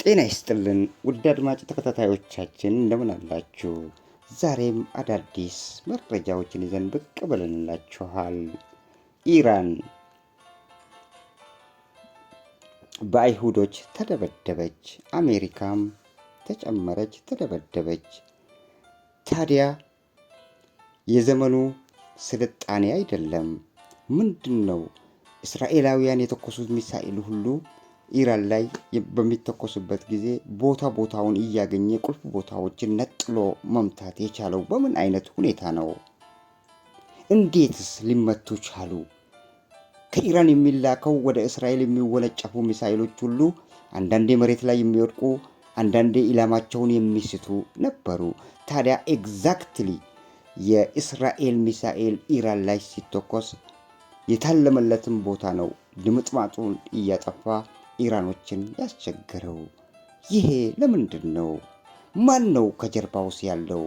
ጤና ይስጥልን ውድ አድማጭ ተከታታዮቻችን እንደምን አላችሁ? ዛሬም አዳዲስ መረጃዎችን ይዘን ብቅ ብለንላችኋል። ኢራን በአይሁዶች ተደበደበች፣ አሜሪካም ተጨመረች፣ ተደበደበች። ታዲያ የዘመኑ ስልጣኔ አይደለም። ምንድን ነው እስራኤላውያን የተኮሱት ሚሳኤል ሁሉ ኢራን ላይ በሚተኮስበት ጊዜ ቦታ ቦታውን እያገኘ ቁልፍ ቦታዎችን ነጥሎ መምታት የቻለው በምን አይነት ሁኔታ ነው? እንዴትስ ሊመቱ ቻሉ? ከኢራን የሚላከው ወደ እስራኤል የሚወነጨፉ ሚሳይሎች ሁሉ አንዳንዴ መሬት ላይ የሚወድቁ አንዳንዴ ኢላማቸውን የሚስቱ ነበሩ። ታዲያ ኤግዛክትሊ የእስራኤል ሚሳኤል ኢራን ላይ ሲተኮስ የታለመለትን ቦታ ነው ድምጥማጡን እያጠፋ ኢራኖችን ያስቸገረው? ይሄ ለምንድን ነው? ማን ነው ከጀርባውስ ያለው?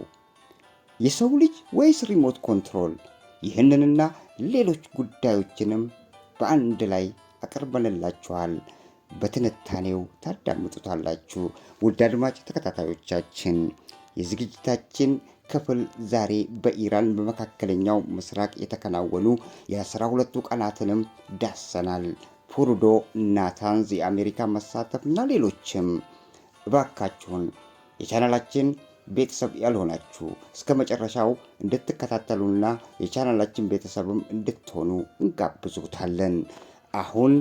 የሰው ልጅ ወይስ ሪሞት ኮንትሮል? ይህንንና ሌሎች ጉዳዮችንም በአንድ ላይ አቅርበንላችኋል። በትንታኔው ታዳምጡታላችሁ። ውድ አድማጭ ተከታታዮቻችን የዝግጅታችን ክፍል ዛሬ በኢራን በመካከለኛው ምስራቅ የተከናወኑ የአስራ ሁለቱ ቀናትንም ዳሰናል። ፑርዶ፣ ናታንዝ፣ የአሜሪካ መሳተፍ እና ሌሎችም። እባካችሁን የቻናላችን ቤተሰብ ያልሆናችሁ እስከ መጨረሻው እንድትከታተሉና የቻናላችን ቤተሰብም እንድትሆኑ እንጋብዙታለን። አሁን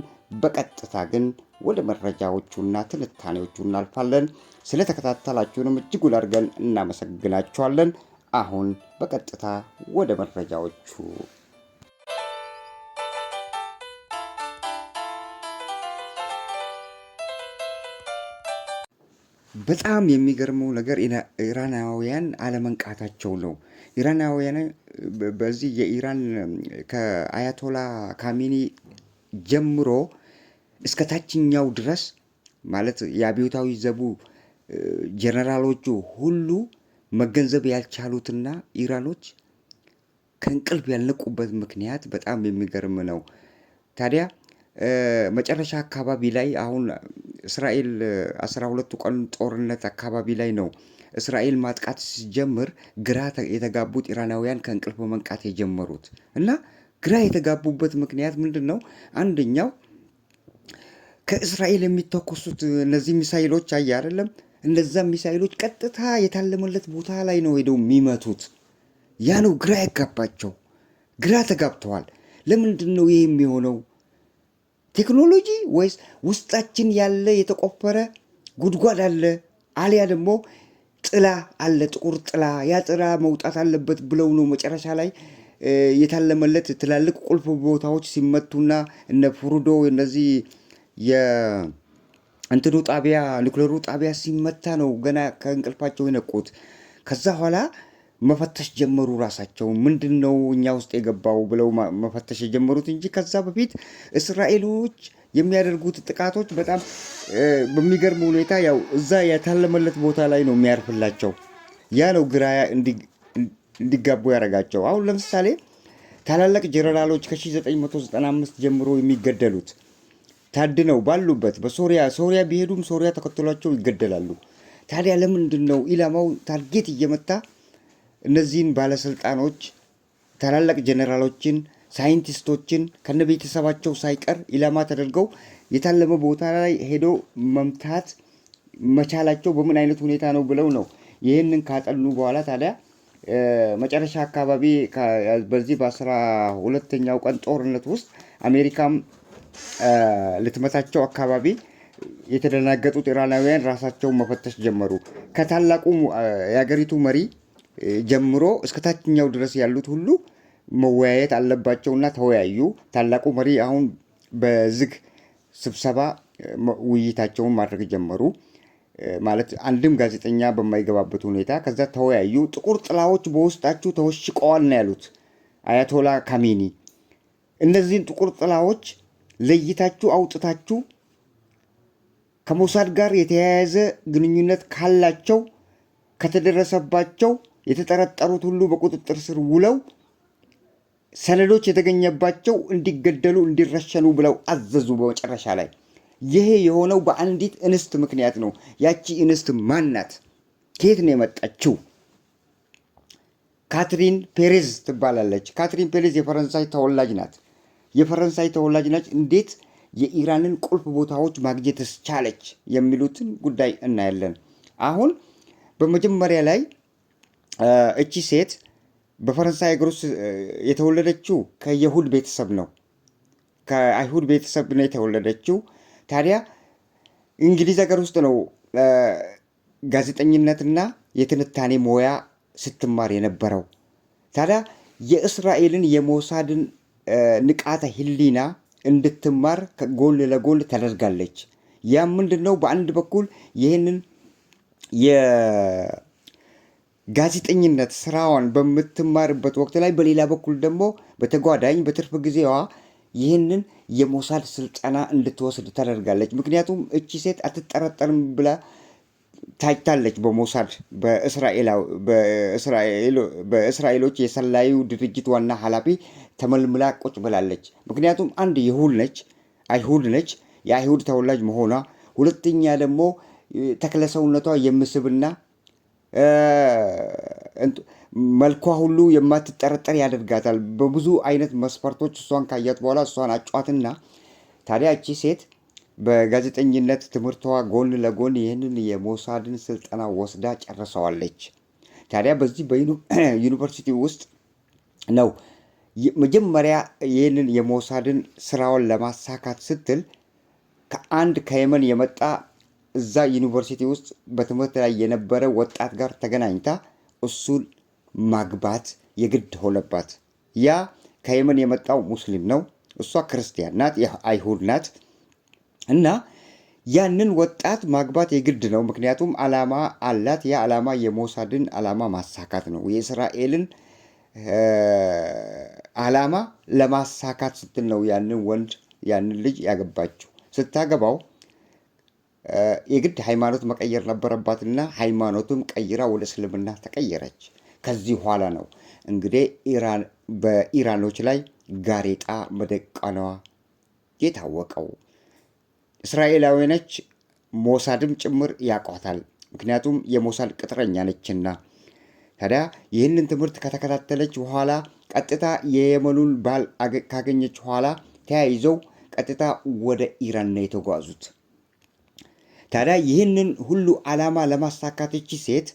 በቀጥታ ግን ወደ መረጃዎቹና ትንታኔዎቹ እናልፋለን። ስለተከታተላችሁንም እጅጉን አድርገን እናመሰግናችኋለን። አሁን በቀጥታ ወደ መረጃዎቹ በጣም የሚገርመው ነገር ኢራናውያን አለመንቃታቸው ነው። ኢራናውያን በዚህ የኢራን ከአያቶላ ካሚኒ ጀምሮ እስከ ታችኛው ድረስ ማለት የአብዮታዊ ዘቡ ጀነራሎቹ ሁሉ መገንዘብ ያልቻሉትና ኢራኖች ከእንቅልፍ ያልነቁበት ምክንያት በጣም የሚገርም ነው። ታዲያ መጨረሻ አካባቢ ላይ አሁን እስራኤል አስራ ሁለቱ ቀን ጦርነት አካባቢ ላይ ነው እስራኤል ማጥቃት ሲጀምር ግራ የተጋቡት ኢራናውያን ከእንቅልፍ በመንቃት የጀመሩት እና ግራ የተጋቡበት ምክንያት ምንድን ነው? አንደኛው ከእስራኤል የሚተኮሱት እነዚህ ሚሳይሎች አየ አይደለም፣ እነዛ ሚሳይሎች ቀጥታ የታለመለት ቦታ ላይ ነው ሄደው የሚመቱት። ያ ነው ግራ ያጋባቸው። ግራ ተጋብተዋል። ለምንድን ነው ይህ የሚሆነው? ቴክኖሎጂ ወይስ ውስጣችን ያለ የተቆፈረ ጉድጓድ አለ አሊያ ደግሞ ጥላ አለ፣ ጥቁር ጥላ። ያ ጥላ መውጣት አለበት ብለው ነው መጨረሻ ላይ የታለመለት ትላልቅ ቁልፍ ቦታዎች ሲመቱና እነ ፍሩዶ እነዚህ የእንትኑ ጣቢያ ኒክሌሩ ጣቢያ ሲመታ ነው ገና ከእንቅልፋቸው የነቁት። ከዛ ኋላ መፈተሽ ጀመሩ። ራሳቸው ምንድን ነው እኛ ውስጥ የገባው ብለው መፈተሽ የጀመሩት እንጂ ከዛ በፊት እስራኤሎች የሚያደርጉት ጥቃቶች በጣም በሚገርም ሁኔታ ያው እዛ የታለመለት ቦታ ላይ ነው የሚያርፍላቸው። ያ ነው ግራ እንዲጋቡ ያደረጋቸው። አሁን ለምሳሌ ታላላቅ ጀነራሎች ከ1995 ጀምሮ የሚገደሉት ታድነው ባሉበት በሶሪያ ሶሪያ ቢሄዱም ሶሪያ ተከትሏቸው ይገደላሉ። ታዲያ ለምንድን ነው ኢላማው ታርጌት እየመታ እነዚህን ባለስልጣኖች ታላላቅ ጀኔራሎችን፣ ሳይንቲስቶችን ከነቤተሰባቸው ሳይቀር ኢላማ ተደርገው የታለመ ቦታ ላይ ሄዶ መምታት መቻላቸው በምን አይነት ሁኔታ ነው ብለው ነው። ይህንን ካጠኑ በኋላ ታዲያ መጨረሻ አካባቢ በዚህ በአስራ ሁለተኛው ቀን ጦርነት ውስጥ አሜሪካም ልትመታቸው አካባቢ የተደናገጡት ኢራናውያን ራሳቸውን መፈተሽ ጀመሩ። ከታላቁ የሀገሪቱ መሪ ጀምሮ እስከ ታችኛው ድረስ ያሉት ሁሉ መወያየት አለባቸውና ተወያዩ። ታላቁ መሪ አሁን በዝግ ስብሰባ ውይይታቸውን ማድረግ ጀመሩ። ማለት አንድም ጋዜጠኛ በማይገባበት ሁኔታ ከዛ ተወያዩ። ጥቁር ጥላዎች በውስጣችሁ ተወሽቀዋል ነው ያሉት አያቶላ ካሚኒ እነዚህን ጥቁር ጥላዎች ለይታችሁ አውጥታችሁ ከሞሳድ ጋር የተያያዘ ግንኙነት ካላቸው ከተደረሰባቸው የተጠረጠሩት ሁሉ በቁጥጥር ስር ውለው ሰነዶች የተገኘባቸው እንዲገደሉ፣ እንዲረሸኑ ብለው አዘዙ። በመጨረሻ ላይ ይሄ የሆነው በአንዲት እንስት ምክንያት ነው። ያቺ እንስት ማናት? ከየት ነው የመጣችው? ካትሪን ፔሬዝ ትባላለች። ካትሪን ፔሬዝ የፈረንሳይ ተወላጅ ናት። የፈረንሳይ ተወላጅ ናች። እንዴት የኢራንን ቁልፍ ቦታዎች ማግኘትስ ቻለች? የሚሉትን ጉዳይ እናያለን። አሁን በመጀመሪያ ላይ እቺ ሴት በፈረንሳይ ሀገር ውስጥ የተወለደችው ከይሁድ ቤተሰብ ነው። ከአይሁድ ቤተሰብ ነው የተወለደችው። ታዲያ እንግሊዝ ሀገር ውስጥ ነው ጋዜጠኝነትና የትንታኔ ሙያ ስትማር የነበረው። ታዲያ የእስራኤልን የሞሳድን ንቃተ ህሊና እንድትማር ጎን ለጎን ተደርጋለች። ያ ምንድን ነው? በአንድ በኩል ይህንን ጋዜጠኝነት ስራዋን በምትማርበት ወቅት ላይ በሌላ በኩል ደግሞ በተጓዳኝ በትርፍ ጊዜዋ ይህንን የሞሳድ ስልጠና እንድትወስድ ተደርጋለች። ምክንያቱም እቺ ሴት አትጠረጠርም ብላ ታይታለች በሞሳድ በእስራኤሎች የሰላዩ ድርጅት ዋና ኃላፊ ተመልምላ ቁጭ ብላለች። ምክንያቱም አንድ የሁድ ነች አይሁድ ነች የአይሁድ ተወላጅ መሆኗ፣ ሁለተኛ ደግሞ ተክለሰውነቷ የምስብና መልኳ ሁሉ የማትጠረጠር ያደርጋታል። በብዙ አይነት መስፈርቶች እሷን ካያት በኋላ እሷን አጫዋትና ታዲያ እቺ ሴት በጋዜጠኝነት ትምህርቷ ጎን ለጎን ይህንን የሞሳድን ስልጠና ወስዳ ጨርሰዋለች። ታዲያ በዚህ በዩኒቨርሲቲ ውስጥ ነው መጀመሪያ ይህንን የሞሳድን ስራውን ለማሳካት ስትል ከአንድ ከየመን የመጣ እዛ ዩኒቨርሲቲ ውስጥ በትምህርት ላይ የነበረ ወጣት ጋር ተገናኝታ እሱን ማግባት የግድ ሆነባት። ያ ከየመን የመጣው ሙስሊም ነው፣ እሷ ክርስቲያን ናት፣ አይሁድ ናት። እና ያንን ወጣት ማግባት የግድ ነው። ምክንያቱም አላማ አላት። ያ አላማ የሞሳድን አላማ ማሳካት ነው። የእስራኤልን አላማ ለማሳካት ስትል ነው ያንን ወንድ ያንን ልጅ ያገባችው። ስታገባው የግድ ሃይማኖት መቀየር ነበረባትና ሃይማኖቱም ቀይራ ወደ እስልምና ተቀየረች። ከዚህ ኋላ ነው እንግዲህ በኢራኖች ላይ ጋሬጣ መደቃኗ የታወቀው። እስራኤላዊ ነች ሞሳድም ጭምር ያቋታል ምክንያቱም የሞሳድ ቅጥረኛ ነችና። ታዲያ ይህንን ትምህርት ከተከታተለች በኋላ ቀጥታ የየመኑን ባል ካገኘች በኋላ ተያይዘው ቀጥታ ወደ ኢራን ነው የተጓዙት። ታዲያ ይህንን ሁሉ ዓላማ ለማሳካት እቺ ሴት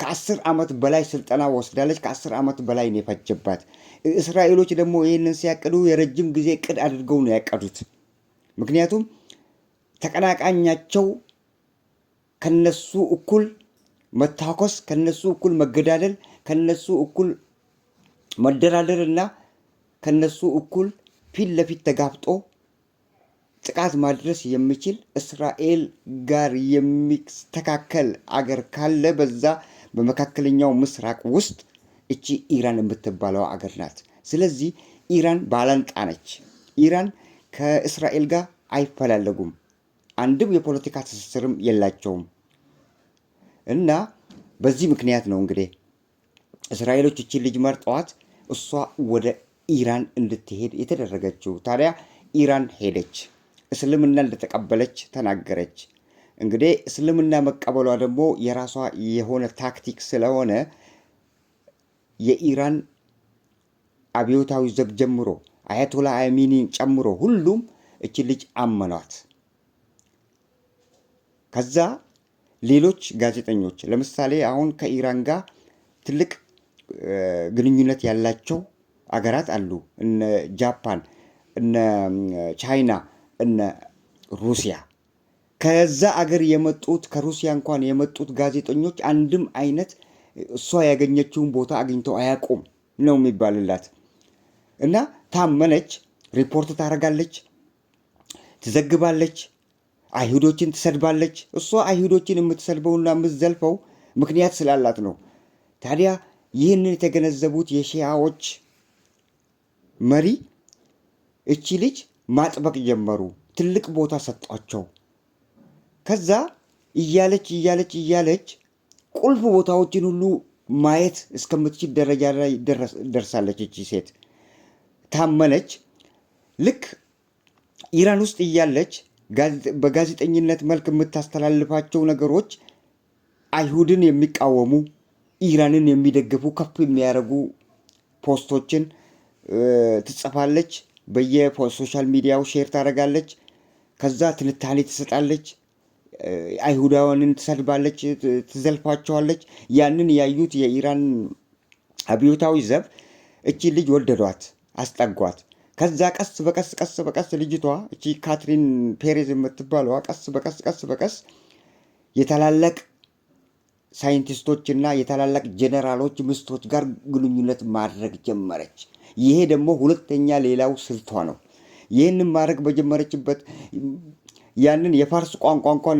ከአስር ዓመት በላይ ስልጠና ወስዳለች። ከአስር ዓመት በላይ ነው የፈጀባት። እስራኤሎች ደግሞ ይህንን ሲያቅዱ የረጅም ጊዜ ቅድ አድርገው ነው ያቀዱት። ምክንያቱም ተቀናቃኛቸው ከነሱ እኩል መታኮስ፣ ከነሱ እኩል መገዳደል፣ ከነሱ እኩል መደራደር እና ከነሱ እኩል ፊት ለፊት ተጋፍጦ ጥቃት ማድረስ የሚችል እስራኤል ጋር የሚስተካከል አገር ካለ በዛ በመካከለኛው ምስራቅ ውስጥ እቺ ኢራን የምትባለው አገር ናት። ስለዚህ ኢራን ባላንጣ ነች። ኢራን ከእስራኤል ጋር አይፈላለጉም። አንድም የፖለቲካ ትስስርም የላቸውም እና በዚህ ምክንያት ነው እንግዲህ እስራኤሎች እቺ ልጅ መርጠዋት እሷ ወደ ኢራን እንድትሄድ የተደረገችው። ታዲያ ኢራን ሄደች። እስልምና እንደተቀበለች ተናገረች። እንግዲህ እስልምና መቀበሏ ደግሞ የራሷ የሆነ ታክቲክ ስለሆነ የኢራን አብዮታዊ ዘብ ጀምሮ አያቶላ አሚኒን ጨምሮ ሁሉም እች ልጅ አመኗት። ከዛ ሌሎች ጋዜጠኞች ለምሳሌ አሁን ከኢራን ጋር ትልቅ ግንኙነት ያላቸው አገራት አሉ። እነ ጃፓን፣ እነ ቻይና እነ ሩሲያ ከዛ አገር የመጡት ከሩሲያ እንኳን የመጡት ጋዜጠኞች አንድም አይነት እሷ ያገኘችውን ቦታ አግኝተው አያውቁም ነው የሚባልላት። እና ታመነች፣ ሪፖርት ታደርጋለች፣ ትዘግባለች፣ አይሁዶችን ትሰድባለች። እሷ አይሁዶችን የምትሰድበውና የምትዘልፈው ምክንያት ስላላት ነው። ታዲያ ይህንን የተገነዘቡት የሺያዎች መሪ እቺ ልጅ ማጥበቅ ጀመሩ። ትልቅ ቦታ ሰጧቸው። ከዛ እያለች እያለች እያለች ቁልፍ ቦታዎችን ሁሉ ማየት እስከምትችል ደረጃ ላይ ደርሳለች። እቺ ሴት ታመነች። ልክ ኢራን ውስጥ እያለች በጋዜጠኝነት መልክ የምታስተላልፋቸው ነገሮች አይሁድን የሚቃወሙ ኢራንን የሚደግፉ ከፍ የሚያደርጉ ፖስቶችን ትጽፋለች። በየሶሻል ሚዲያው ሼር ታደርጋለች። ከዛ ትንታኔ ትሰጣለች። አይሁዳውያንን ትሰድባለች፣ ትዘልፋቸዋለች። ያንን ያዩት የኢራን አብዮታዊ ዘብ እቺ ልጅ ወደዷት፣ አስጠጓት። ከዛ ቀስ በቀስ ቀስ በቀስ ልጅቷ እቺ ካትሪን ፔሬዝ የምትባለዋ ቀስ በቀስ ቀስ በቀስ የታላለቅ ሳይንቲስቶችና የታላላቅ ጀነራሎች ምስቶች ጋር ግንኙነት ማድረግ ጀመረች። ይሄ ደግሞ ሁለተኛ ሌላው ስልቷ ነው። ይህንን ማድረግ በጀመረችበት ያንን የፋርስ ቋንቋ እንኳን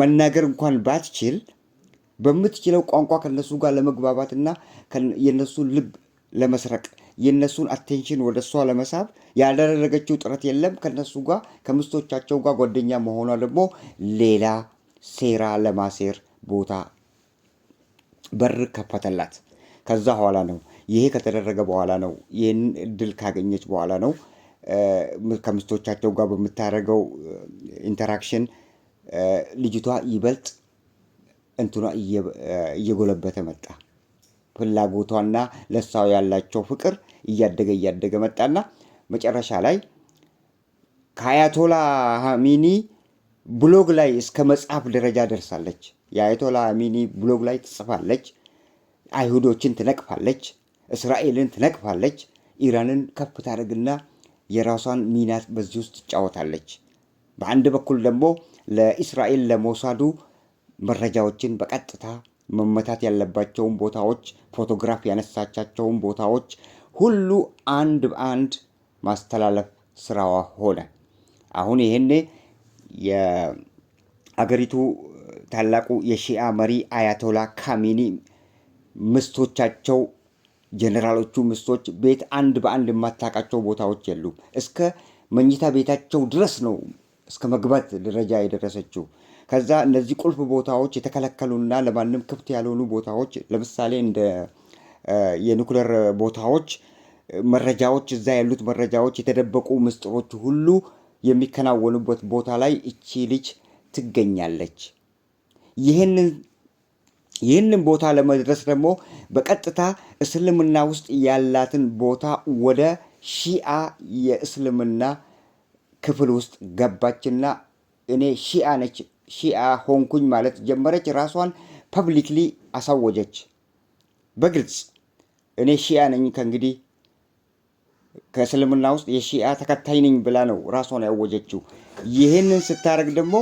መናገር እንኳን ባትችል በምትችለው ቋንቋ ከነሱ ጋር ለመግባባትና የነሱን ልብ ለመስረቅ የነሱን አቴንሽን ወደ እሷ ለመሳብ ያደረገችው ጥረት የለም። ከነሱ ጋር ከምስቶቻቸው ጋር ጓደኛ መሆኗ ደግሞ ሌላ ሴራ ለማሴር ቦታ በር ከፈተላት። ከዛ በኋላ ነው ይሄ ከተደረገ በኋላ ነው ይህን እድል ካገኘች በኋላ ነው ከምስቶቻቸው ጋር በምታደርገው ኢንተራክሽን ልጅቷ ይበልጥ እንትኗ እየጎለበተ መጣ። ፍላጎቷና ለሳው ያላቸው ፍቅር እያደገ እያደገ መጣና መጨረሻ ላይ ከአያቶላ ሀሚኒ ብሎግ ላይ እስከ መጽሐፍ ደረጃ ደርሳለች። የአያቶላ ሚኒ ብሎግ ላይ ትጽፋለች። አይሁዶችን ትነቅፋለች፣ እስራኤልን ትነቅፋለች፣ ኢራንን ከፍ ታደርግና የራሷን ሚና በዚህ ውስጥ ትጫወታለች። በአንድ በኩል ደግሞ ለእስራኤል ለሞሳዱ መረጃዎችን በቀጥታ መመታት ያለባቸውን ቦታዎች፣ ፎቶግራፍ ያነሳቻቸውን ቦታዎች ሁሉ አንድ በአንድ ማስተላለፍ ስራዋ ሆነ። አሁን ይሄኔ የአገሪቱ ታላቁ የሺአ መሪ አያቶላ ካሚኒ ምስቶቻቸው ጀኔራሎቹ ምስቶች ቤት አንድ በአንድ የማታውቃቸው ቦታዎች የሉ እስከ መኝታ ቤታቸው ድረስ ነው እስከ መግባት ደረጃ የደረሰችው። ከዛ እነዚህ ቁልፍ ቦታዎች የተከለከሉና ለማንም ክፍት ያልሆኑ ቦታዎች ለምሳሌ እንደ የኒኩለር ቦታዎች መረጃዎች እዛ ያሉት መረጃዎች የተደበቁ ምስጢሮች ሁሉ የሚከናወኑበት ቦታ ላይ እቺ ልጅ ትገኛለች። ይህንን ቦታ ለመድረስ ደግሞ በቀጥታ እስልምና ውስጥ ያላትን ቦታ ወደ ሺአ የእስልምና ክፍል ውስጥ ገባችና እኔ ሺአ ነች ሺአ ሆንኩኝ ማለት ጀመረች። ራሷን ፐብሊክሊ አሳወጀች። በግልጽ እኔ ሺአ ነኝ ከእንግዲህ ከእስልምና ውስጥ የሺአ ተከታይ ነኝ ብላ ነው ራሷን ያወጀችው። ይህንን ስታደርግ ደግሞ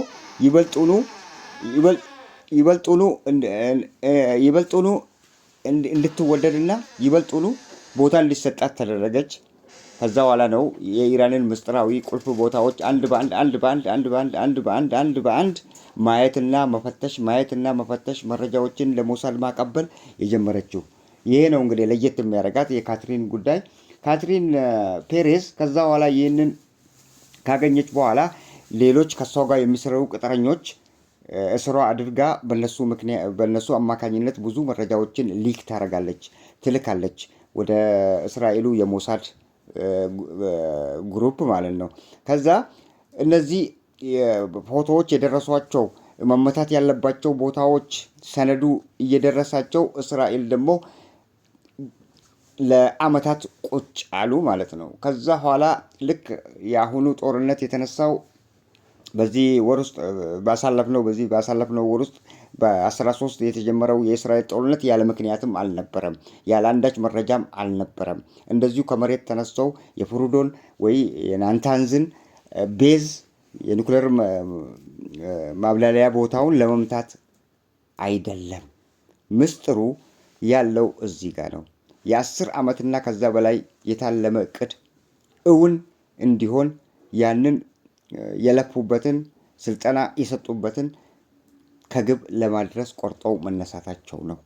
ይበልጡኑ ይበልጡኑ ይበልጡኑ እንድትወደድና ይበልጡኑ ቦታ እንዲሰጣት ተደረገች። ከዛ በኋላ ነው የኢራንን ምስጢራዊ ቁልፍ ቦታዎች አንድ በአንድ አንድ በአንድ አንድ በአንድ አንድ በአንድ አንድ በአንድ ማየትና መፈተሽ ማየትና መፈተሽ መረጃዎችን ለሞሳድ ማቀበል የጀመረችው። ይሄ ነው እንግዲህ ለየት የሚያደርጋት የካትሪን ጉዳይ። ካትሪን ፔሬዝ ከዛ በኋላ ይህንን ካገኘች በኋላ ሌሎች ከሷ ጋር የሚሰሩ ቅጥረኞች እስሯ አድርጋ በነሱ አማካኝነት ብዙ መረጃዎችን ሊክ ታደርጋለች፣ ትልካለች ወደ እስራኤሉ የሞሳድ ግሩፕ ማለት ነው። ከዛ እነዚህ ፎቶዎች የደረሷቸው መመታት ያለባቸው ቦታዎች ሰነዱ እየደረሳቸው እስራኤል ደግሞ ለአመታት ቁጭ አሉ ማለት ነው። ከዛ ኋላ ልክ የአሁኑ ጦርነት የተነሳው በዚህ ወር ውስጥ ባሳለፍነው በዚህ ባሳለፍነው ወር ውስጥ በአስራ ሶስት የተጀመረው የእስራኤል ጦርነት ያለ ምክንያትም አልነበረም፣ ያለ አንዳች መረጃም አልነበረም። እንደዚሁ ከመሬት ተነስተው የፍሩዶን ወይ የናንታንዝን ቤዝ የኒኩሌር ማብላለያ ቦታውን ለመምታት አይደለም። ምስጢሩ ያለው እዚህ ጋር ነው። የአስር ዓመትና ከዛ በላይ የታለመ እቅድ እውን እንዲሆን ያንን የለፉበትን ስልጠና የሰጡበትን ከግብ ለማድረስ ቆርጠው መነሳታቸው ነው።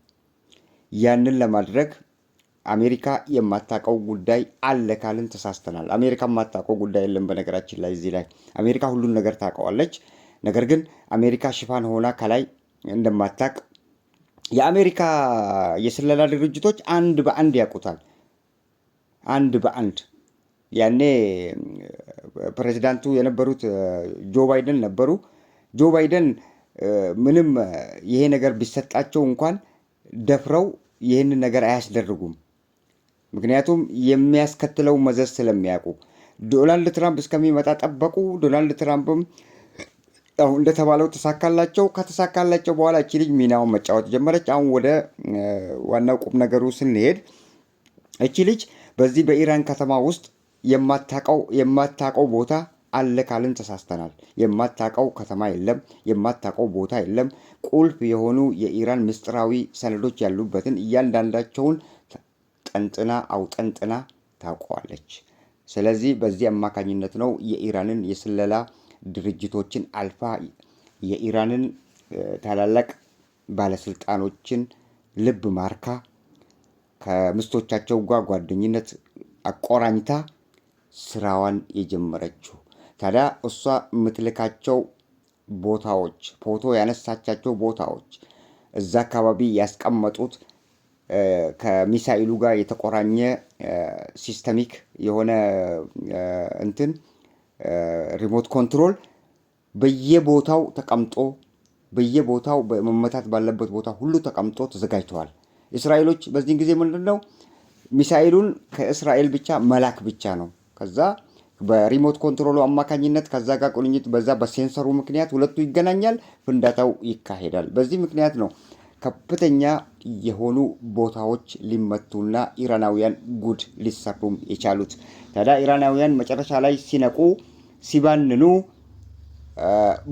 ያንን ለማድረግ አሜሪካ የማታውቀው ጉዳይ አለ ካልን ተሳስተናል። አሜሪካ የማታውቀው ጉዳይ የለም። በነገራችን ላይ እዚህ ላይ አሜሪካ ሁሉን ነገር ታውቀዋለች። ነገር ግን አሜሪካ ሽፋን ሆና ከላይ እንደማታውቅ የአሜሪካ የስለላ ድርጅቶች አንድ በአንድ ያውቁታል። አንድ በአንድ ያኔ ፕሬዚዳንቱ የነበሩት ጆ ባይደን ነበሩ። ጆ ባይደን ምንም ይሄ ነገር ቢሰጣቸው እንኳን ደፍረው ይህንን ነገር አያስደርጉም። ምክንያቱም የሚያስከትለው መዘዝ ስለሚያውቁ ዶናልድ ትራምፕ እስከሚመጣ ጠበቁ። ዶናልድ ትራምፕም ያው እንደተባለው ተሳካላቸው። ከተሳካላቸው በኋላ እቺ ልጅ ሚናውን መጫወት ጀመረች። አሁን ወደ ዋናው ቁም ነገሩ ስንሄድ እቺ ልጅ በዚህ በኢራን ከተማ ውስጥ የማታቀው ቦታ አለ ካልን ተሳስተናል። የማታቀው ከተማ የለም፣ የማታቀው ቦታ የለም። ቁልፍ የሆኑ የኢራን ምስጢራዊ ሰነዶች ያሉበትን እያንዳንዳቸውን ጠንጥና አውጠንጥና ታውቀዋለች። ስለዚህ በዚህ አማካኝነት ነው የኢራንን የስለላ ድርጅቶችን አልፋ የኢራንን ታላላቅ ባለስልጣኖችን ልብ ማርካ ከምስቶቻቸው ጋር ጓደኝነት አቆራኝታ ስራዋን የጀመረችው ታዲያ እሷ የምትልካቸው ቦታዎች ፎቶ ያነሳቻቸው ቦታዎች እዛ አካባቢ ያስቀመጡት ከሚሳኤሉ ጋር የተቆራኘ ሲስተሚክ የሆነ እንትን ሪሞት ኮንትሮል በየቦታው ተቀምጦ በየቦታው መመታት ባለበት ቦታ ሁሉ ተቀምጦ ተዘጋጅተዋል። እስራኤሎች በዚህን ጊዜ ምንድን ነው ሚሳኤሉን ከእስራኤል ብቻ መላክ ብቻ ነው። ከዛ በሪሞት ኮንትሮሉ አማካኝነት ከዛ ጋር ቁንኝት በዛ በሴንሰሩ ምክንያት ሁለቱ ይገናኛል፣ ፍንዳታው ይካሄዳል። በዚህ ምክንያት ነው ከፍተኛ የሆኑ ቦታዎች ሊመቱና ኢራናውያን ጉድ ሊሰሩም የቻሉት። ታዲያ ኢራናውያን መጨረሻ ላይ ሲነቁ ሲባንኑ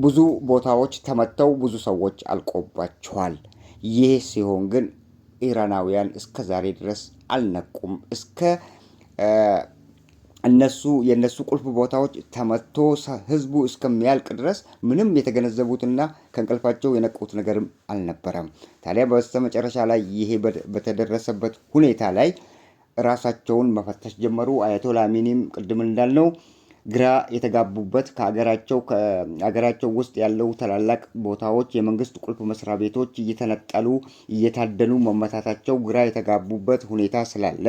ብዙ ቦታዎች ተመተው ብዙ ሰዎች አልቆባቸዋል። ይህ ሲሆን ግን ኢራናውያን እስከ ዛሬ ድረስ አልነቁም። እስከ እነሱ የእነሱ ቁልፍ ቦታዎች ተመቶ ህዝቡ እስከሚያልቅ ድረስ ምንም የተገነዘቡትና ከእንቅልፋቸው የነቁት ነገርም አልነበረም። ታዲያ በስተ መጨረሻ ላይ ይሄ በተደረሰበት ሁኔታ ላይ ራሳቸውን መፈተሽ ጀመሩ። አያቶላ ቅድም እንዳልነው ግራ የተጋቡበት ከሀገራቸው ውስጥ ያለው ታላላቅ ቦታዎች የመንግስት ቁልፍ መስሪያ ቤቶች እየተነጠሉ እየታደሉ መመታታቸው ግራ የተጋቡበት ሁኔታ ስላለ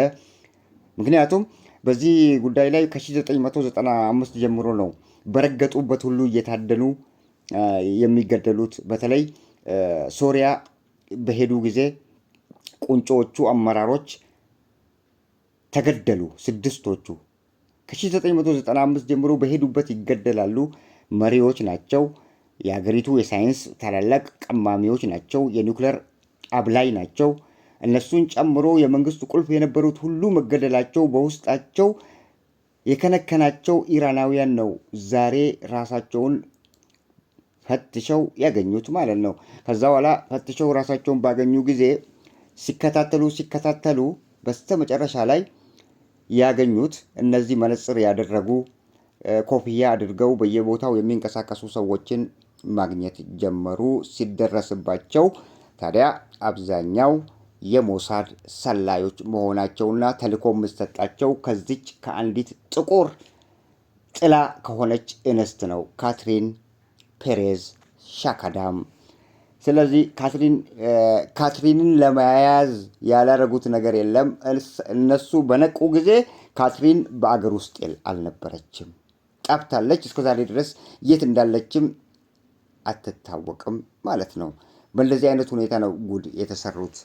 ምክንያቱም በዚህ ጉዳይ ላይ ከ1995 ጀምሮ ነው በረገጡበት ሁሉ እየታደሉ የሚገደሉት። በተለይ ሶሪያ በሄዱ ጊዜ ቁንጮዎቹ አመራሮች ተገደሉ፣ ስድስቶቹ ከ1995 ጀምሮ በሄዱበት ይገደላሉ። መሪዎች ናቸው። የሀገሪቱ የሳይንስ ታላላቅ ቀማሚዎች ናቸው። የኒውክለር አብላይ ናቸው። እነሱን ጨምሮ የመንግስቱ ቁልፍ የነበሩት ሁሉ መገደላቸው በውስጣቸው የከነከናቸው ኢራናውያን ነው ዛሬ ራሳቸውን ፈትሸው ያገኙት ማለት ነው። ከዛ በኋላ ፈትሸው ራሳቸውን ባገኙ ጊዜ ሲከታተሉ ሲከታተሉ በስተመጨረሻ ላይ ያገኙት እነዚህ መነጽር ያደረጉ ኮፍያ አድርገው በየቦታው የሚንቀሳቀሱ ሰዎችን ማግኘት ጀመሩ። ሲደረስባቸው ታዲያ አብዛኛው የሞሳድ ሰላዮች መሆናቸውና ተልእኮ የምሰጣቸው ከዚች ከአንዲት ጥቁር ጥላ ከሆነች እንስት ነው፣ ካትሪን ፔሬዝ ሻካዳም ስለዚህ ካትሪንን ለመያዝ ያላረጉት ነገር የለም። እነሱ በነቁ ጊዜ ካትሪን በአገር ውስጥ አልነበረችም፣ ጠፍታለች። እስከዛሬ ድረስ የት እንዳለችም አትታወቅም ማለት ነው። በእንደዚህ አይነት ሁኔታ ነው ጉድ የተሰሩት።